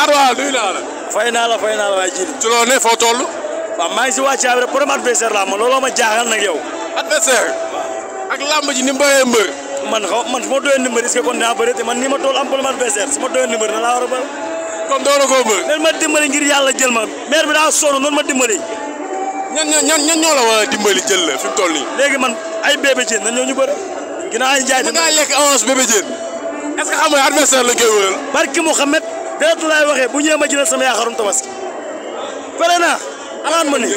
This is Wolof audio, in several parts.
Dakar waaw nuyu naa la. fay naa la fay naa la waaye ji. ci loolu ne foo toll. waaw maa ngi si wàccaay bi rek problème adversaire laa ma looloo ma jaaxal nag yow. adversaire. ak làmb ni mu mbër. man xaw man su ma doyoon numéro est-ce que kon naa bëri te man nii ma toll am problème adversaire su ma doyoon numéro na laa war a kon doo la koo bëri. ma dimbali ngir yàlla jël ma maire bi daa sonn noonu ma dimbali. ñan ñan la war a dimbali jël la fi mu toll nii. léegi man ay bébé jën nan ñoo ñu bëri. ginnaaw ay njaay. mën ngaa lekk la koy deretu laay waxee bu ñëwee ma jëlal sama yaakaarum tabaski pare naa alaan ma ni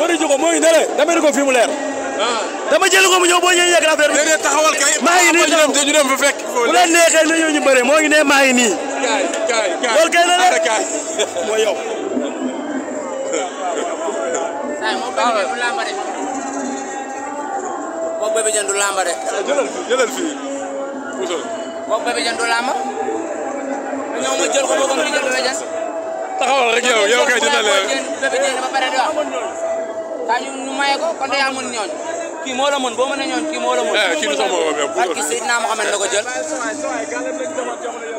war a mooy nele dama di ko fi mu leer dama jël ko mu ñëw boo ñëwee yegg affaire bi maa ngi nii taxaw ñu dem fa fekk bu leen neexee na ñëw ñu moo maa ngi nii loolu kay la de mooy yow ñoo ma jël ko boog nga jël Bébé Diène. maye ko kon de yaa mën ñooñu. kii moo la mën boo mënee ñooñu kii moo la mën. Eh, kii du sama bopp yow bu ak Seydina Mohamed ko jël.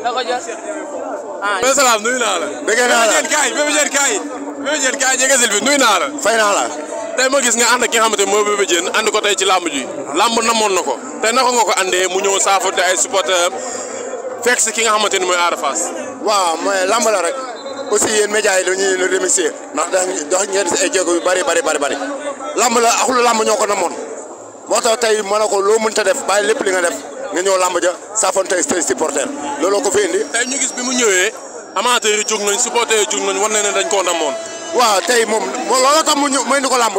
la ah, naa la. dégg naa la Bébé Diène kaay Bébé kaay. Bébé bi nuyu naa fay naa la. tey ma gis nga ànd ak ki nga xamante ne mooy Bébé Diène ànd ko tey ci làmb ji. làmb na ko. tey naka nga ko àndee mu ñëw saafara ay supporter fekk si ki nga xamante ni mooy Ada Fass. waaw mooy lamb la rek aussi yéen médias yi dañuy leen remercier ndax da dox ngeen si yu bari bari bari lamb la axlu lamb ñoo ko namoon moo tax tey mën na ko loo mënta def bàyyi lépp li nga def nga ñëw lamb ja saafoon tey tey supporter looloo ko fi indi. tey ñu gis bi mu ñëwee amateur yi jóg nañ supporter yi jóg nañ wan nañ ne dañ koo namoon. waaw tey moom looloo tax mu ñëw may ni ko lamb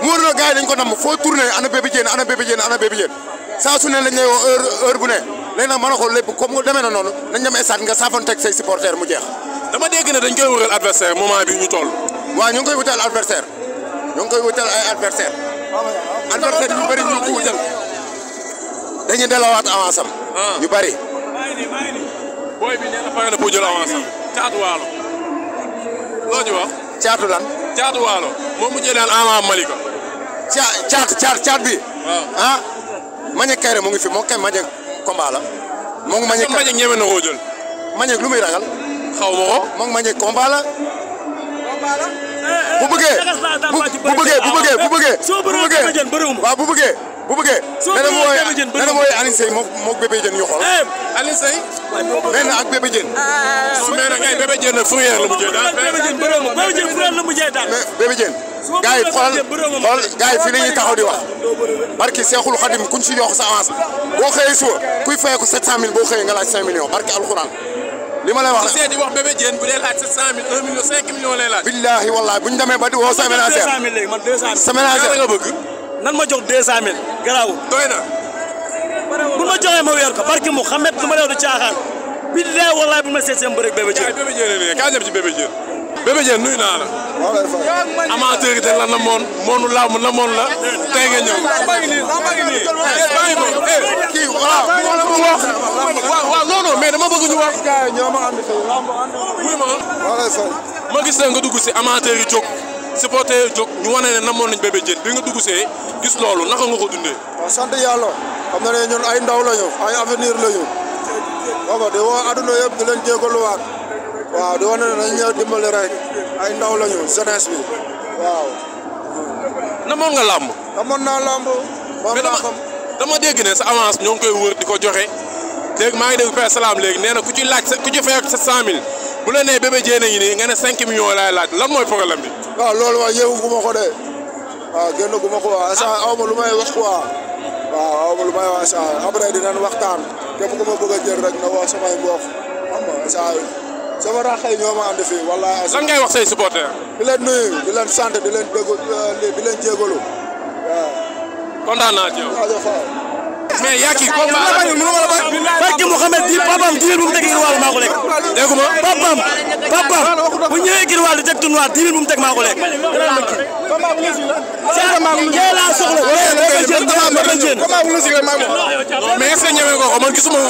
mu wër la gars yi dañ ko nam foo tourné ana bébé ana bébé léegi nag mën a xool lépp comme demee na noonu nañ dem stade nga saafoon teg say supporters mu jeex. dama dégg ne dañ koy wutal adversaire moment bi ñu tool waa ñu ngi koy wutal adversaire ñu ngi koy wutal ay adversaire adversaire yu bëri ñu ngi ko wutal dañuy delawaat avance am. ñu ah. bëri. booy bi nee na pare na pour jël caatu lan. caatu waalo. moom mu jëlee Ama Malika. caat caat caat bi. waaw ah. Manick mu ngi fi moo kay Manick. combat la. moom Manick kon Manick na koo jël. Manick lu muy ragal. xaw ma ko moom Manick combat la. combat la. bu bëggee bu bëggee bu bu bëggee. soo bëriwul dama jël bëriwul waaw bu bëggee. bu bëggee. soo bëggee woon Bébé Diène eh, bëri na ak Bébé Diène. Ah, ah, ah, su ma nee kay Bébé la mujjee daal. Bébé Diène xool xool gars yi fii la di wax. barki Seexul Xadim kuñ si jox sa avance boo xëyee suba kuy fayeeku 700000 boo xëyee nga laaj 5 millions alxuraan. li ma wax nag di wax Bébé Diène bu billaahi wallaahi bu ñu demee ba di woo sa ménagère. nan ma jox 200000 garaawul. doy na. bu ma joxee ma weer ko barki mu xam net lu ma réew du caaxaan. billaay wallaay bu ma seet seen mbërëg Bébé kaa dem ci Bébé Diène. Bébé Diène nuyu naa la. amateur yi dañ la namoon moonu laamu namoon la tey nga ñëw. waaw non non mais dama bëgg ñu wax. ma gis nga dugg si amateur yi jóg. supporter yooyu jóg ñu wane ne namoon nañ Bébé Diène bi nga dugg see gis loolu naka nga ko dundee. waaw sant yàlla xam na ne ñun ay ndaw la ñu ay avenir la ñu xam nga di woo adduna yëpp di leen jégaluwaat waaw di wane ne dañ ñëw dimbali ay ndaw la ñu jeunesse bi waaw. namoon nga làmb. namoon naa làmb. moom laa xam dama dégg ne sa avance ñoo ngi koy wër di ko joxe dégg maa ngi dégg Père Salam léegi nee na ku ci laaj ku ci fay ak 700000 bu nee Bébé Diène a nii nga ne 5 millions laay laaj lan mooy problème bi. waaw loolu waaw yeewu gu ma ko de waaw génn gu ma ko waaw instant aw lu may wax quoi waaw aw lu may wax instant après dinañ waxtaan képp ku ma a jël rek na woo samay mbokk xam nga instant sama raxay ñoo ma ànd fii wallaahi. lan ngay wax say supporter di leen nuyu di leen sant di leen déglu euh, di leen naa ci mais yaa kii combat la bañ mënu ma la bañ barke mu teg Yirwaal maa ko lekk dégg nga papaam papaam bu ñëwee Yirwaal di teg Tounoir diir bu mu teg maa ko lekk jee laa soxla mais est-ce que ñëwee nga ko man gisuma ko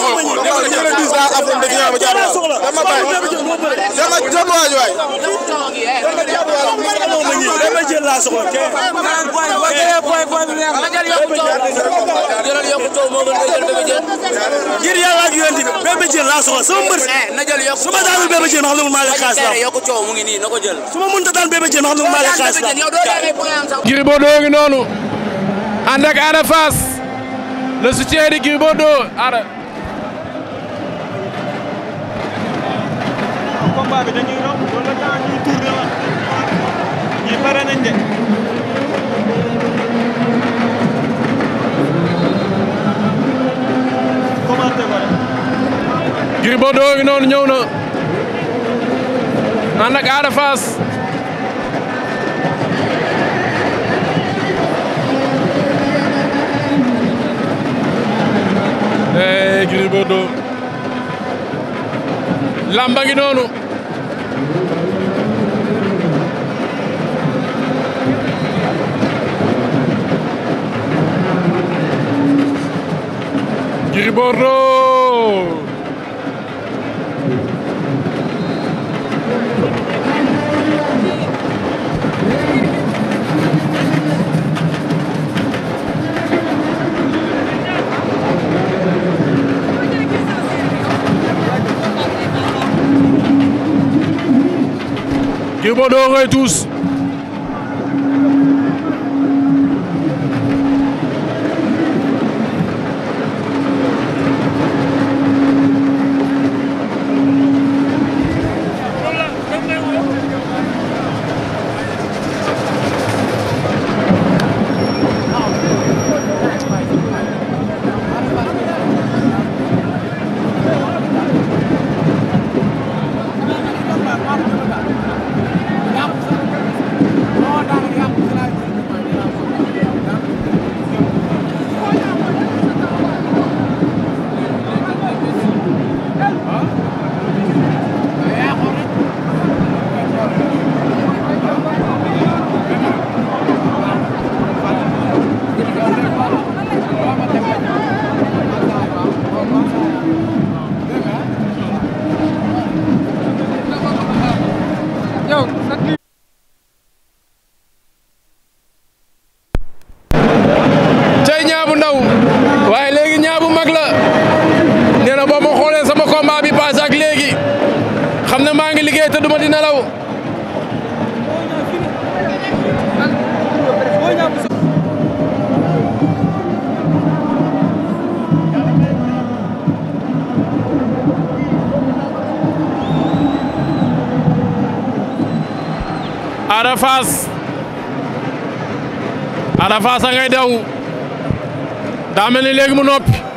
xool waay laa soxla tey. booy boo jëlee laa soxla sama mbër. Eh, na jël yokku coow su ma daanul Bébé Diène ma xam ne maa leen xaas la yokku coow mu ngi nii ngi noonu ànd ak Ada Fass le soutien de Gris pare nañ de noonu ñëw na ànd ak Ada Fass Gris Bordeaux lamba ngi noonu Bordeaux Gris Bordeaux ngay yow cay ñaabu ndaw waaye léegi ñaabu mag la nee na boo xoolee sama combat bi passé léegi xam ne maa ngi liggéey te duma di nelaw Ada Fass Ada Fass a ngay daw daa mel ni léegi mu noppi